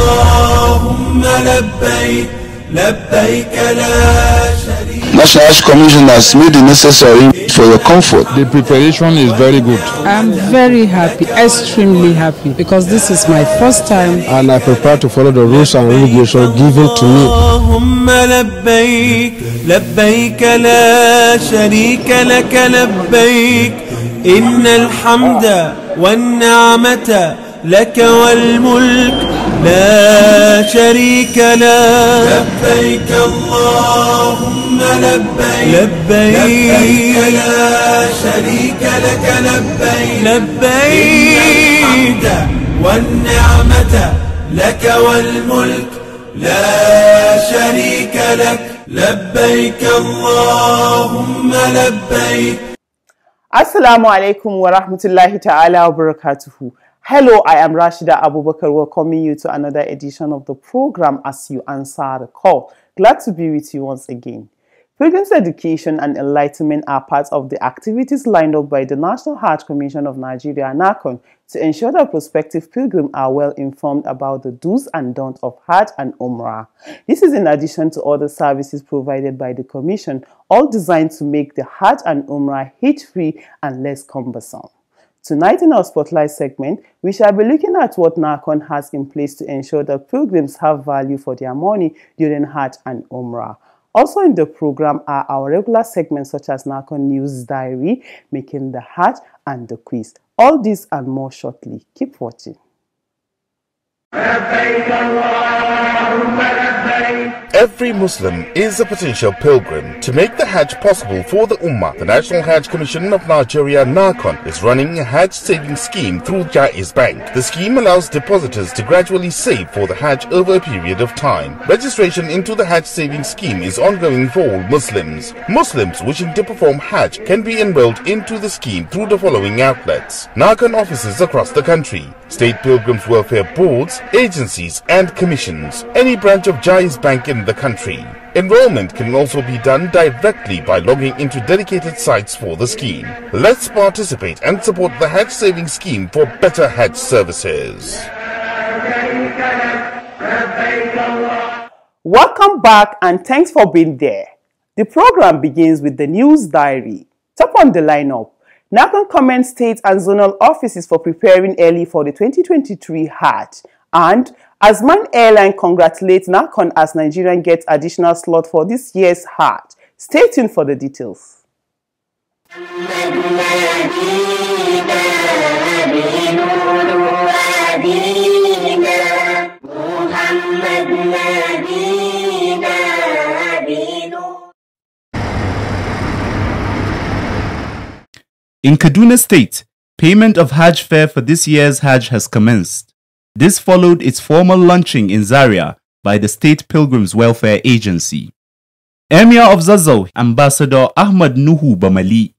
اللهم لبيك لبيك لا National Health Commission has made the necessary for your comfort. The preparation is very good. I'm very happy, extremely happy, because this is my first time. And I prepare to follow the rules and regulations given to me. لك والملك لا شريك له لبيك اللهم لبيك لبيك لا شريك لك لبيك لبيك والنعمة لك والملك لا شريك لك لبيك اللهم لبيك السلام عليكم ورحمة الله تعالى وبركاته Hello, I am Rashida Abubakar, welcoming you to another edition of the program as you answer the call. Glad to be with you once again. Pilgrims education and enlightenment are part of the activities lined up by the National Heart Commission of Nigeria, NACON, to ensure that prospective pilgrims are well informed about the do's and don'ts of Hajj and Umrah. This is in addition to other services provided by the Commission, all designed to make the Hajj and Umrah hit free and less cumbersome. Tonight in our Spotlight segment, we shall be looking at what Narcon has in place to ensure that pilgrims have value for their money during Hajj and Umrah. Also in the program are our regular segments such as Narcon News Diary, Making the Hajj, and The Quiz. All this and more shortly. Keep watching. Every Muslim is a potential pilgrim. To make the Hajj possible for the Ummah, the National Hajj Commission of Nigeria, NARCON, is running a Hajj saving scheme through Jaiz Bank. The scheme allows depositors to gradually save for the Hajj over a period of time. Registration into the Hajj saving scheme is ongoing for all Muslims. Muslims wishing to perform Hajj can be enrolled into the scheme through the following outlets. NARCON offices across the country, state pilgrims welfare boards, agencies and commissions, any branch of Jai's Bank in the country. Enrollment can also be done directly by logging into dedicated sites for the scheme. Let's participate and support the Hatch Saving Scheme for better Hatch services. Welcome back and thanks for being there. The program begins with the news diary. Top on the lineup, NACON commends state and zonal offices for preparing early for the 2023 HAT. And as Man Airline congratulates NACON as Nigerian gets additional slot for this year's heart. Stay tuned for the details. In Kaduna State, payment of Hajj fare for this year's Hajj has commenced. This followed its formal launching in Zaria by the State Pilgrims Welfare Agency. Emir of Zazzau, Ambassador Ahmad Nuhu Bamali,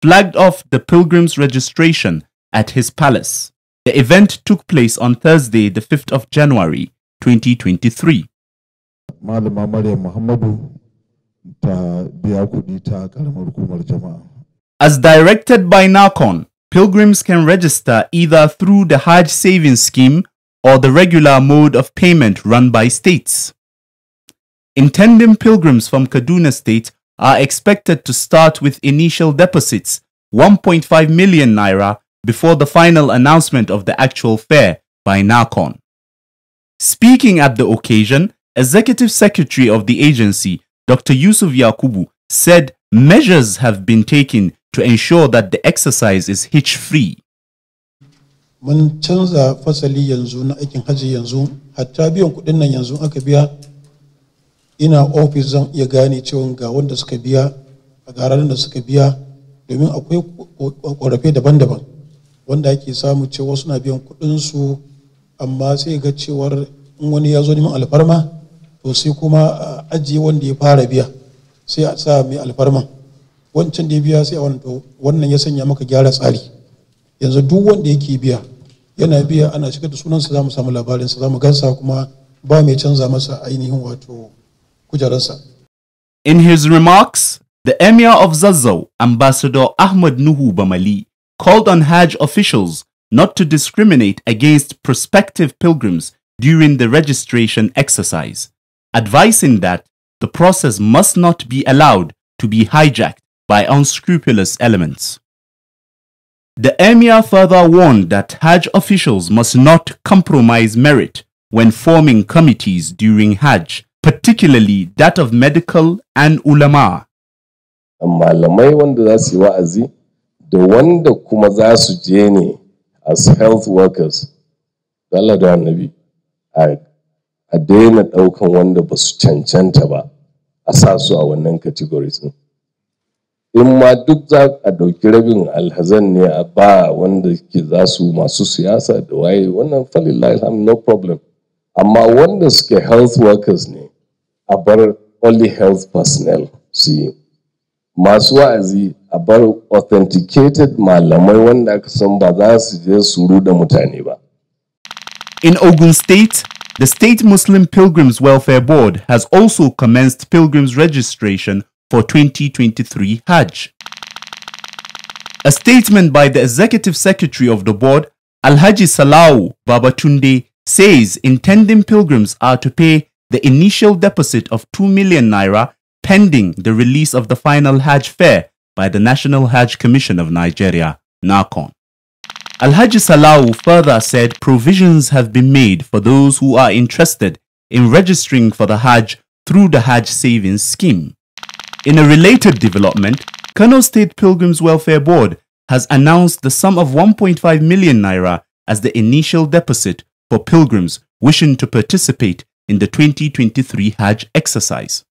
flagged off the pilgrims' registration at his palace. The event took place on Thursday, the 5th of January, 2023. As directed by Narkon, pilgrims can register either through the Hajj Savings Scheme or the regular mode of payment run by states. Intending pilgrims from Kaduna State are expected to start with initial deposits 1.5 million naira before the final announcement of the actual fare by NACON. Speaking at the occasion, Executive Secretary of the agency, Dr. Yusuf Yakubu, said measures have been taken to ensure that the exercise is hitch-free. mun canza fasali yanzu na aikin hajji yanzu hatta biyan kuɗin nan yanzu aka biya ina ofis zan iya gane cewa ga wanda suka biya a garanin da suka biya domin akwai korafe daban-daban wanda ake samu cewa suna biyan su amma sai ga cewar in wani ya zo neman alfarma to sai kuma ajiye wanda ya fara biya sai a sa mai alfarma wancan da ya biya sai a wannan ya sanya maka gyara tsari yanzu duk wanda yake biya yana biya ana da sunansa samu gansa kuma ba mai canza masa ainihin wato In his remarks, the Emir of Zazzau, Ambassador Ahmad Nuhu Bamali, called on Hajj officials not to discriminate against prospective pilgrims during the registration exercise, advising that the process must not be allowed to be hijacked by unscrupulous elements. The emir further warned that Hajj officials must not compromise merit when forming committees during Hajj, particularly that of medical and ulama. Malamai wanda za su yi wa'azi da wanda kuma za su je ne as health workers, Allah da annabi a daina daukan wanda ba su cancanta ba a sa su a wannan categories ɗin. in ma duk za a ɗauki rabin alhazan ne a ba wanda ke za su masu siyasa da waye wannan falilai ham no problem amma wanda suke health workers ne a bar only health personnel su yi masu wa'azi a bar authenticated malamai wanda aka san ba za su je suru da mutane ba In Ogun State, the State Muslim Pilgrims Welfare Board has also commenced pilgrims registration for 2023 Hajj. A statement by the Executive Secretary of the Board, Alhaji Salau Babatunde, says intending pilgrims are to pay the initial deposit of 2 million naira pending the release of the final Hajj fare by the National Hajj Commission of Nigeria, NACON. Alhaji Salau further said provisions have been made for those who are interested in registering for the Hajj through the Hajj Savings Scheme. In a related development, Kano State Pilgrims Welfare Board has announced the sum of 1.5 million naira as the initial deposit for pilgrims wishing to participate in the 2023 Hajj exercise.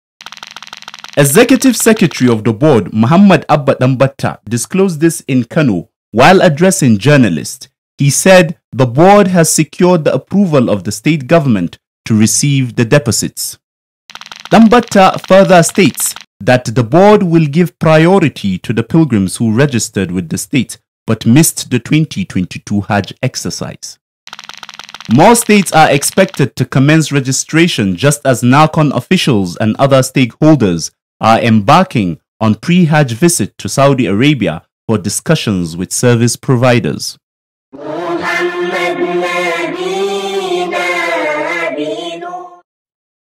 Executive Secretary of the board, Muhammad Abba Dambatta, disclosed this in Kano while addressing journalists. He said the board has secured the approval of the state government to receive the deposits. Dambatta further states that the board will give priority to the pilgrims who registered with the state but missed the 2022 Hajj exercise. More states are expected to commence registration just as Narcon officials and other stakeholders are embarking on pre-Hajj visit to Saudi Arabia for discussions with service providers.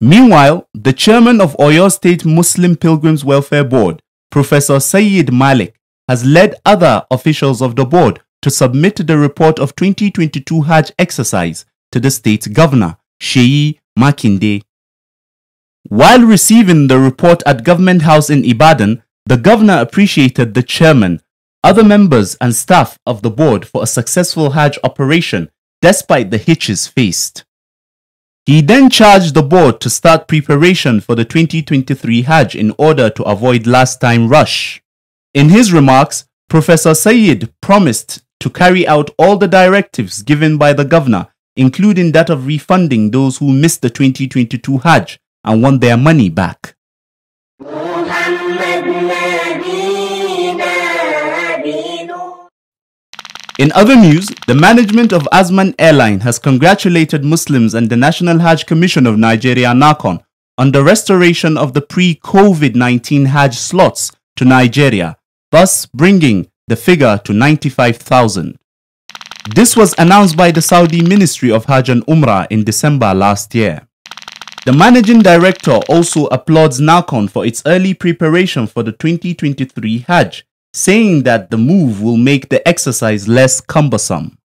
Meanwhile, the chairman of Oyo State Muslim Pilgrims Welfare Board, Professor Sayyid Malik, has led other officials of the board to submit the report of 2022 Hajj exercise to the state governor, Sheyi Makinde. While receiving the report at Government House in Ibadan, the governor appreciated the chairman, other members and staff of the board for a successful Hajj operation despite the hitches faced. He then charged the board to start preparation for the 2023 Hajj in order to avoid last time rush. In his remarks, Professor Sayed promised to carry out all the directives given by the governor, including that of refunding those who missed the 2022 Hajj and want their money back. In other news, the management of Asman Airline has congratulated Muslims and the National Hajj Commission of Nigeria NACON on the restoration of the pre-COVID-19 Hajj slots to Nigeria, thus bringing the figure to 95,000. This was announced by the Saudi Ministry of Hajj and Umrah in December last year. The managing director also applauds NACON for its early preparation for the 2023 Hajj saying that the move will make the exercise less cumbersome.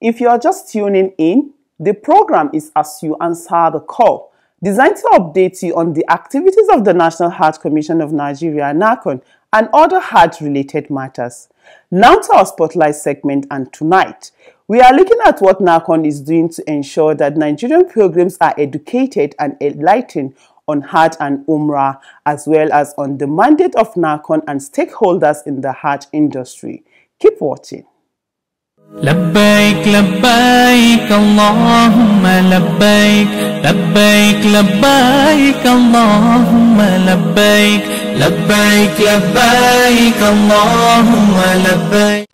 If you are just tuning in, the program is As You Answer the Call, designed to update you on the activities of the National Heart Commission of Nigeria, NACON, and other heart-related matters. Now to our spotlight segment and tonight, we are looking at what NACON is doing to ensure that Nigerian pilgrims are educated and enlightened on Hajj and Umrah, as well as on the mandate of NACON and stakeholders in the Hajj industry. Keep watching. لبيك لبيك اللهم لبيك لبيك لبيك اللهم لبيك لبيك لبيك اللهم لبيك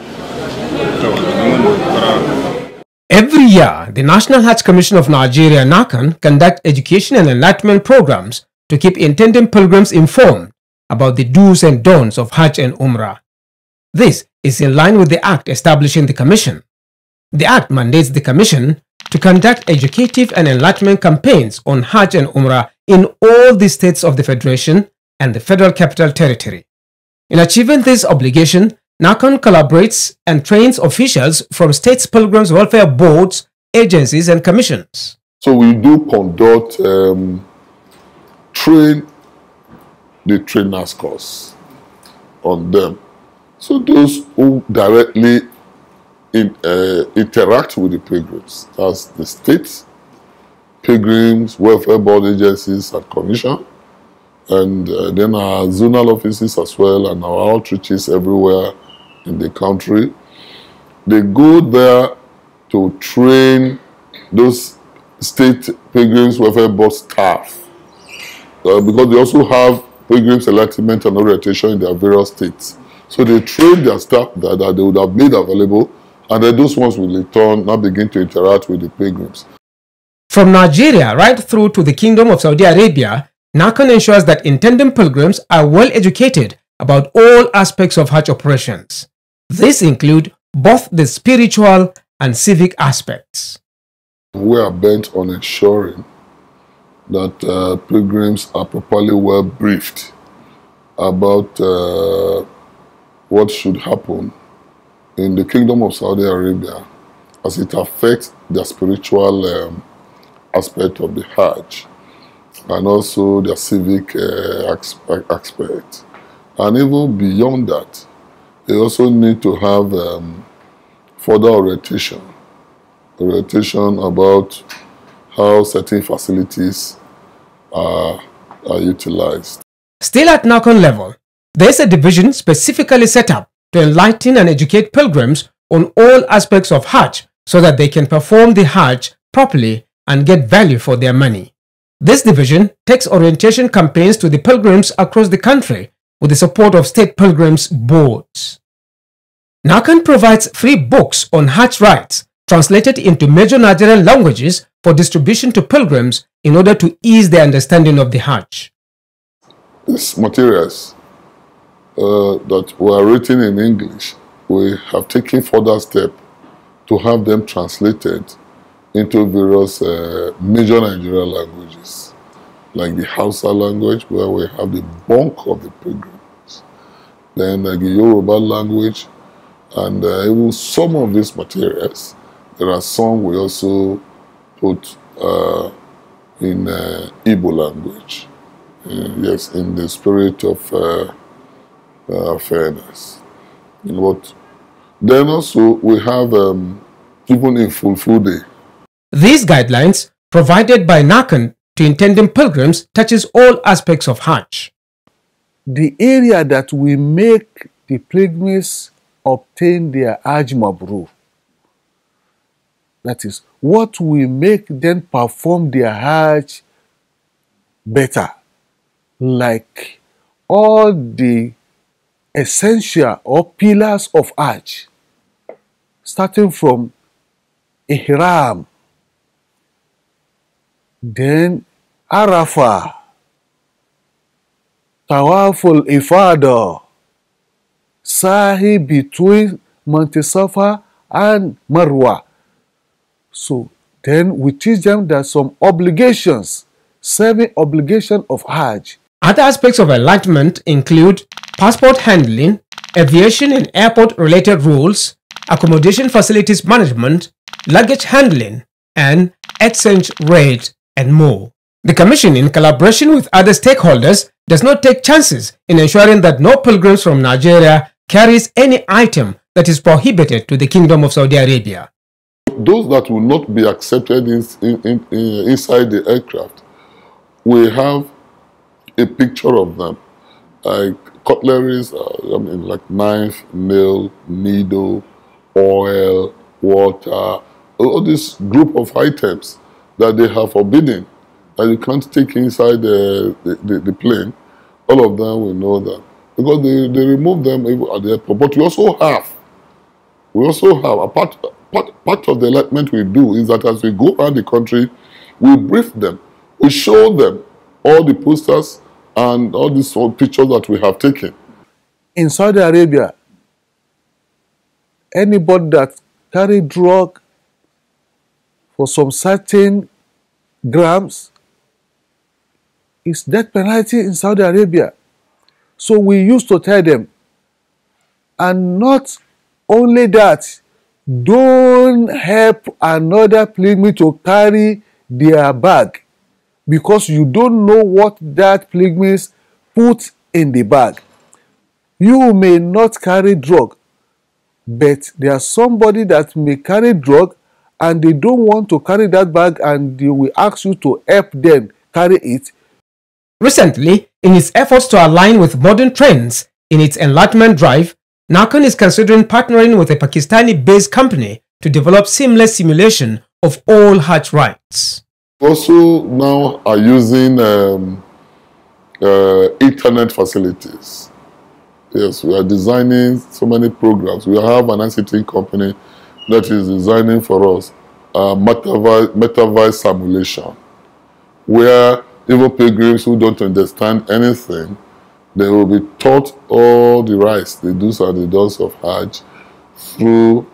Every year, the National Hajj Commission of Nigeria, NACAN, conduct education and enlightenment programs to keep intending pilgrims informed about the do's and don'ts of Hajj and Umrah. This is in line with the Act establishing the Commission. The Act mandates the Commission to conduct educative and enlightenment campaigns on Hajj and Umrah in all the states of the Federation and the Federal Capital Territory. In achieving this obligation, NACON collaborates and trains officials from states' pilgrims welfare boards, agencies, and commissions. So we do conduct, um, train the trainers course on them. So those who directly in, uh, interact with the pilgrims, that's the state, pilgrims, welfare board agencies, and commission, and uh, then our zonal offices as well, and our outreaches everywhere in the country. They go there to train those state pilgrims welfare board staff uh, because they also have pilgrims enlightenment and orientation in their various states. So they train their staff that, that they would have made available and then those ones will return turn now begin to interact with the pilgrims. From Nigeria right through to the Kingdom of Saudi Arabia, Nakan ensures that intending pilgrims are well educated about all aspects of Hajj operations. These include both the spiritual and civic aspects. We are bent on ensuring that uh, pilgrims are properly well briefed about uh, what should happen in the Kingdom of Saudi Arabia as it affects their spiritual um, aspect of the Hajj and also their civic uh, aspect. And even beyond that, they also need to have um, further orientation, orientation about how certain facilities are, are utilized. Still at Nakon level, there is a division specifically set up to enlighten and educate pilgrims on all aspects of Hajj so that they can perform the Hajj properly and get value for their money. This division takes orientation campaigns to the pilgrims across the country with the support of state pilgrims boards. NACAN provides free books on Hajj rights translated into major Nigerian languages for distribution to pilgrims in order to ease their understanding of the Hajj. These materials uh, that were written in English, we have taken further step to have them translated into various uh, major Nigerian languages, like the Hausa language, where we have the bulk of the pilgrims then the Yoruba language, and uh, even some of these materials, there are some we also put uh, in uh, Igbo language. Uh, yes, in the spirit of uh, uh, fairness. In what? Then also we have um, even in Fulfulde. These guidelines, provided by Nakan to intending pilgrims, touches all aspects of Hajj the area that will make the pilgrims obtain their Hajj That is, what will make them perform their Hajj better, like all the essential or pillars of Hajj, starting from Ihram, then Arafah, powerful Ifada, Sahi between Mount Safa and Marwa. So then we teach them that some obligations, seven obligation of Hajj. Other aspects of enlightenment include passport handling, aviation and airport related rules, accommodation facilities management, luggage handling, and exchange rate, and more. The Commission, in collaboration with other stakeholders, does not take chances in ensuring that no pilgrims from Nigeria carries any item that is prohibited to the Kingdom of Saudi Arabia. Those that will not be accepted in, in, in, uh, inside the aircraft we have a picture of them, like cutleries, uh, I mean, like knife, nail, needle, oil, water, all this group of items that they have forbidden and you can't take inside the, the, the, the plane, all of them will know that. Because they, they remove them at the airport. But we also have, we also have, a part, part, part of the enlightenment we do is that as we go around the country, we brief them, we show them all the posters and all these old pictures that we have taken. In Saudi Arabia, anybody that carry drug for some certain grams is death penalty in Saudi Arabia. So we used to tell them, and not only that, don't help another plague to carry their bag because you don't know what that plague put in the bag. You may not carry drug, but there's somebody that may carry drug and they don't want to carry that bag and they will ask you to help them carry it Recently, in its efforts to align with modern trends in its enlargement drive, Narcon is considering partnering with a Pakistani-based company to develop seamless simulation of all hatch rights. Also now are using um, uh, internet facilities. Yes, we are designing so many programs. We have an ICT company that is designing for us uh, metaverse, metaverse simulation, where even pilgrims who don't understand anything, they will be taught all the rites the do's and the don'ts of Hajj through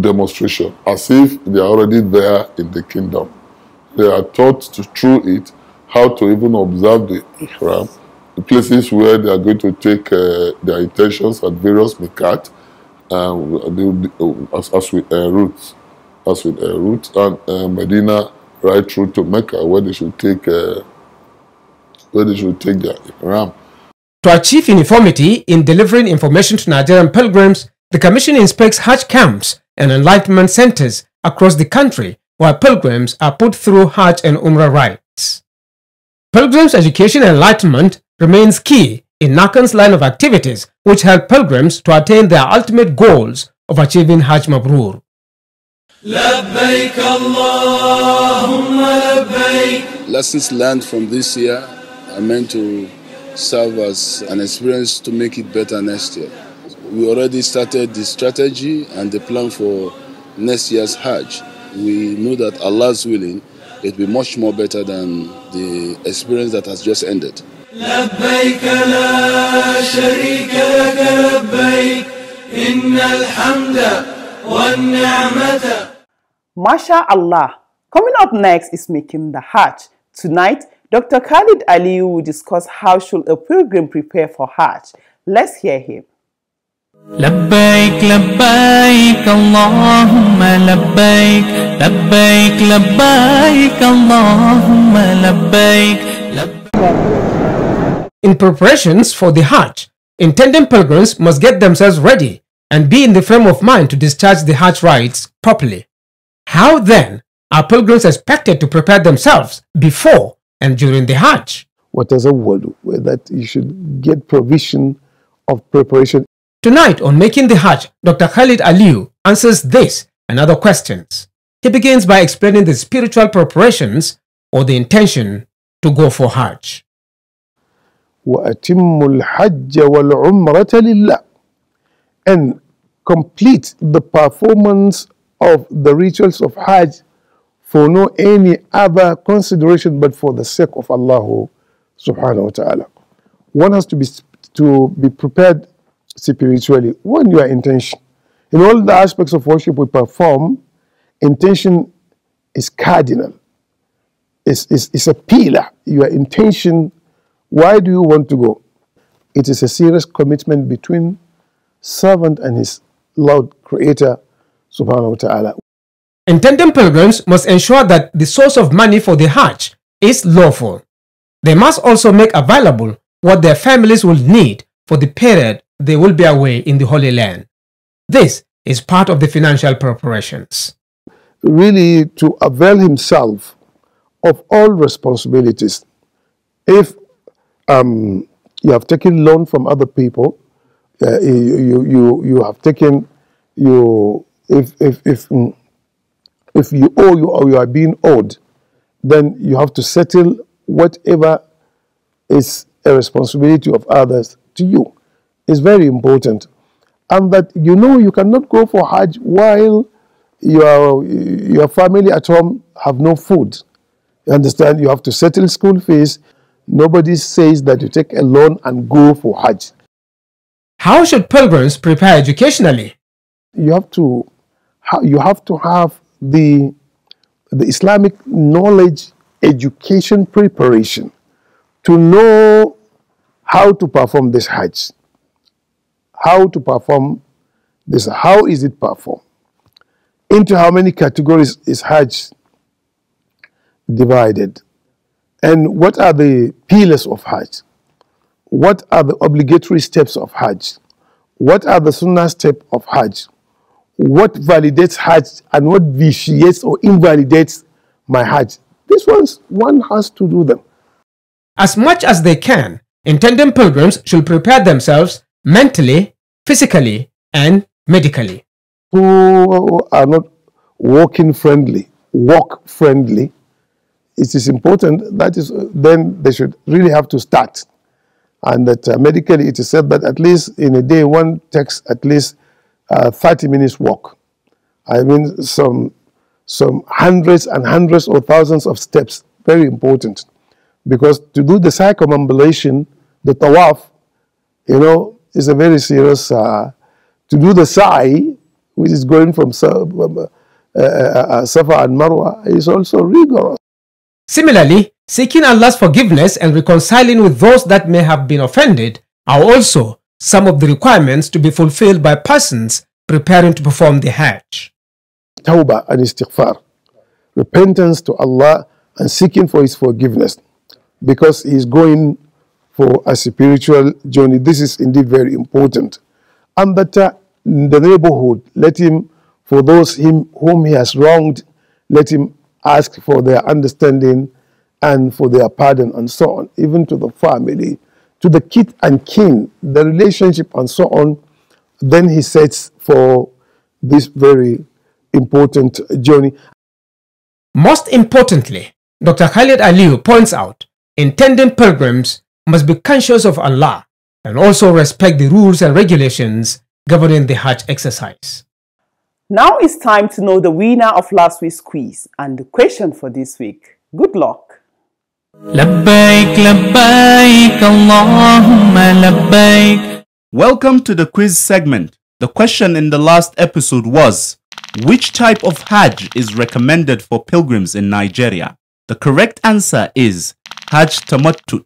demonstration, as if they are already there in the kingdom. They are taught to, through it how to even observe the ihram, the places where they are going to take uh, their intentions at various mikat, um, uh, as, as with uh, routes, as with uh, routes and uh, Medina right through to Mecca, where they should take. Uh, take their ram. To achieve uniformity in delivering information to Nigerian pilgrims, the Commission inspects Hajj camps and enlightenment centers across the country where pilgrims are put through Hajj and Umrah rites. Pilgrims' education and enlightenment remains key in Nakan's line of activities which help pilgrims to attain their ultimate goals of achieving Hajj Mabrur. Lessons learned from this year I meant to serve as an experience to make it better next year. We already started the strategy and the plan for next year's Hajj. We know that Allah's willing, it will be much more better than the experience that has just ended. Masha Allah. Coming up next is Making the Hajj. Tonight, Dr. Khalid Ali will discuss how should a pilgrim prepare for Hajj. Let's hear him. In preparations for the Hajj, intending pilgrims must get themselves ready and be in the frame of mind to discharge the Hajj rites properly. How then are pilgrims expected to prepare themselves before and during the Hajj. What is a where That you should get provision of preparation. Tonight on Making the Hajj, Dr. Khalid Aliu answers this and other questions. He begins by explaining the spiritual preparations or the intention to go for Hajj. وأتم الحج والعمرة لله and complete the performance of the rituals of Hajj for no any other consideration but for the sake of Allah subhanahu wa ta'ala. One has to be, to be prepared spiritually. One, your intention. In all the aspects of worship we perform, intention is cardinal. It's, it's, it's a pillar. Your intention, why do you want to go? It is a serious commitment between servant and his Lord Creator, subhanahu wa ta'ala. Intending pilgrims must ensure that the source of money for the Hajj is lawful. They must also make available what their families will need for the period they will be away in the Holy Land. This is part of the financial preparations. Really, to avail himself of all responsibilities. If um, you have taken loan from other people, uh, you, you, you have taken, you, if, if, if, mm, if you owe you or you are being owed, then you have to settle whatever is a responsibility of others to you. It's very important. And that you know you cannot go for Hajj while your, your family at home have no food. You understand? You have to settle school fees. Nobody says that you take a loan and go for Hajj. How should pilgrims prepare educationally? You have to, you have, to have the, the Islamic knowledge education preparation to know how to perform this Hajj, how to perform this, how is it performed, into how many categories is Hajj divided, and what are the pillars of Hajj, what are the obligatory steps of Hajj, what are the sunnah steps of Hajj, what validates Hajj and what vitiates or invalidates my Hajj. This ones, one has to do them. As much as they can, intending pilgrims should prepare themselves mentally, physically, and medically. Who are not walking friendly, walk friendly. It is important that is then they should really have to start, and that uh, medically it is said that at least in a day one takes at least uh, 30 minutes walk. I mean, some, some hundreds and hundreds or thousands of steps, very important. Because to do the circumambulation, the tawaf, you know, is a very serious, uh, to do the sa'i, which is going from um, uh, uh, uh, Safa and Marwa, is also rigorous. Similarly, seeking Allah's forgiveness and reconciling with those that may have been offended are also some of the requirements to be fulfilled by persons preparing to perform the Hajj. Tawbah and istighfar, repentance to Allah and seeking for His forgiveness because He is going for a spiritual journey. This is indeed very important. And that uh, the neighborhood, let him, for those him, whom he has wronged, let him ask for their understanding and for their pardon and so on, even to the family to the kith and kin, the relationship and so on. Then he sets for this very important journey. Most importantly, Dr. Khalid Aliu points out intending pilgrims must be conscious of Allah and also respect the rules and regulations governing the Hajj exercise. Now it's time to know the winner of last week's quiz and the question for this week. Good luck. Labbaik, labbaik, Allahumma labbaik. Welcome to the quiz segment. The question in the last episode was, which type of Hajj is recommended for pilgrims in Nigeria? The correct answer is Hajj Tamattu.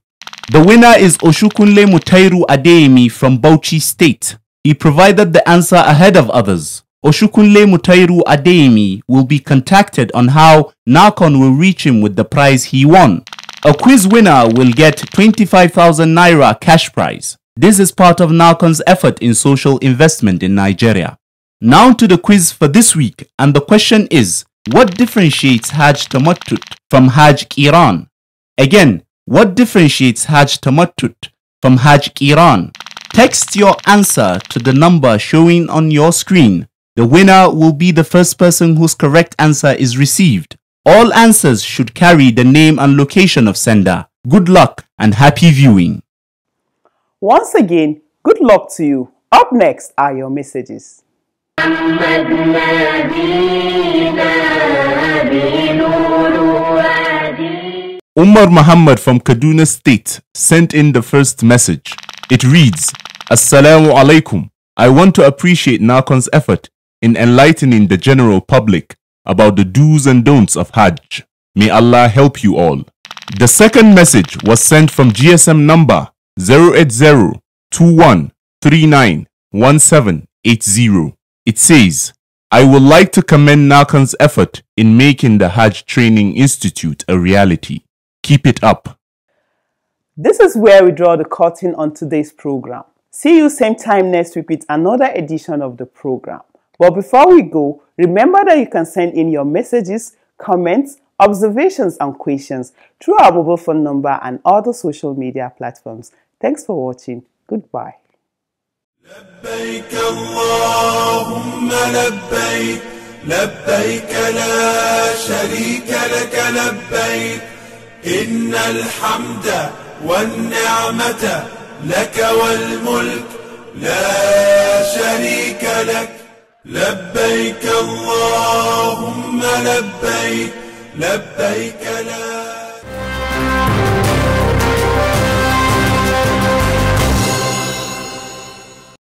The winner is Oshukunle Mutairu Adeyemi from Bauchi State. He provided the answer ahead of others. Oshukunle Mutairu Adeyemi will be contacted on how Nakon will reach him with the prize he won. A quiz winner will get 25,000 Naira cash prize. This is part of Narcon's effort in social investment in Nigeria. Now to the quiz for this week and the question is, what differentiates Hajj Tamattut from Hajj Iran? Again, what differentiates Hajj Tamattut from Hajj Iran? Text your answer to the number showing on your screen. The winner will be the first person whose correct answer is received. All answers should carry the name and location of sender. Good luck and happy viewing. Once again, good luck to you. Up next are your messages. Umar Muhammad from Kaduna State sent in the first message. It reads, Assalamu alaikum. I want to appreciate Nakon's effort in enlightening the general public about the do's and don'ts of Hajj. May Allah help you all. The second message was sent from GSM number 08021391780. It says, I would like to commend Nakan's effort in making the Hajj Training Institute a reality. Keep it up. This is where we draw the curtain on today's program. See you same time next week with another edition of the program. But before we go, remember that you can send in your messages, comments, observations, and questions through our mobile phone number and other social media platforms. Thanks for watching. Goodbye. لبيك اللهم لبيك لبيك لا شريك لك لبيك إن الحمد لك والملك لا شريك لك لبيك اللهم لبيك لبيك لا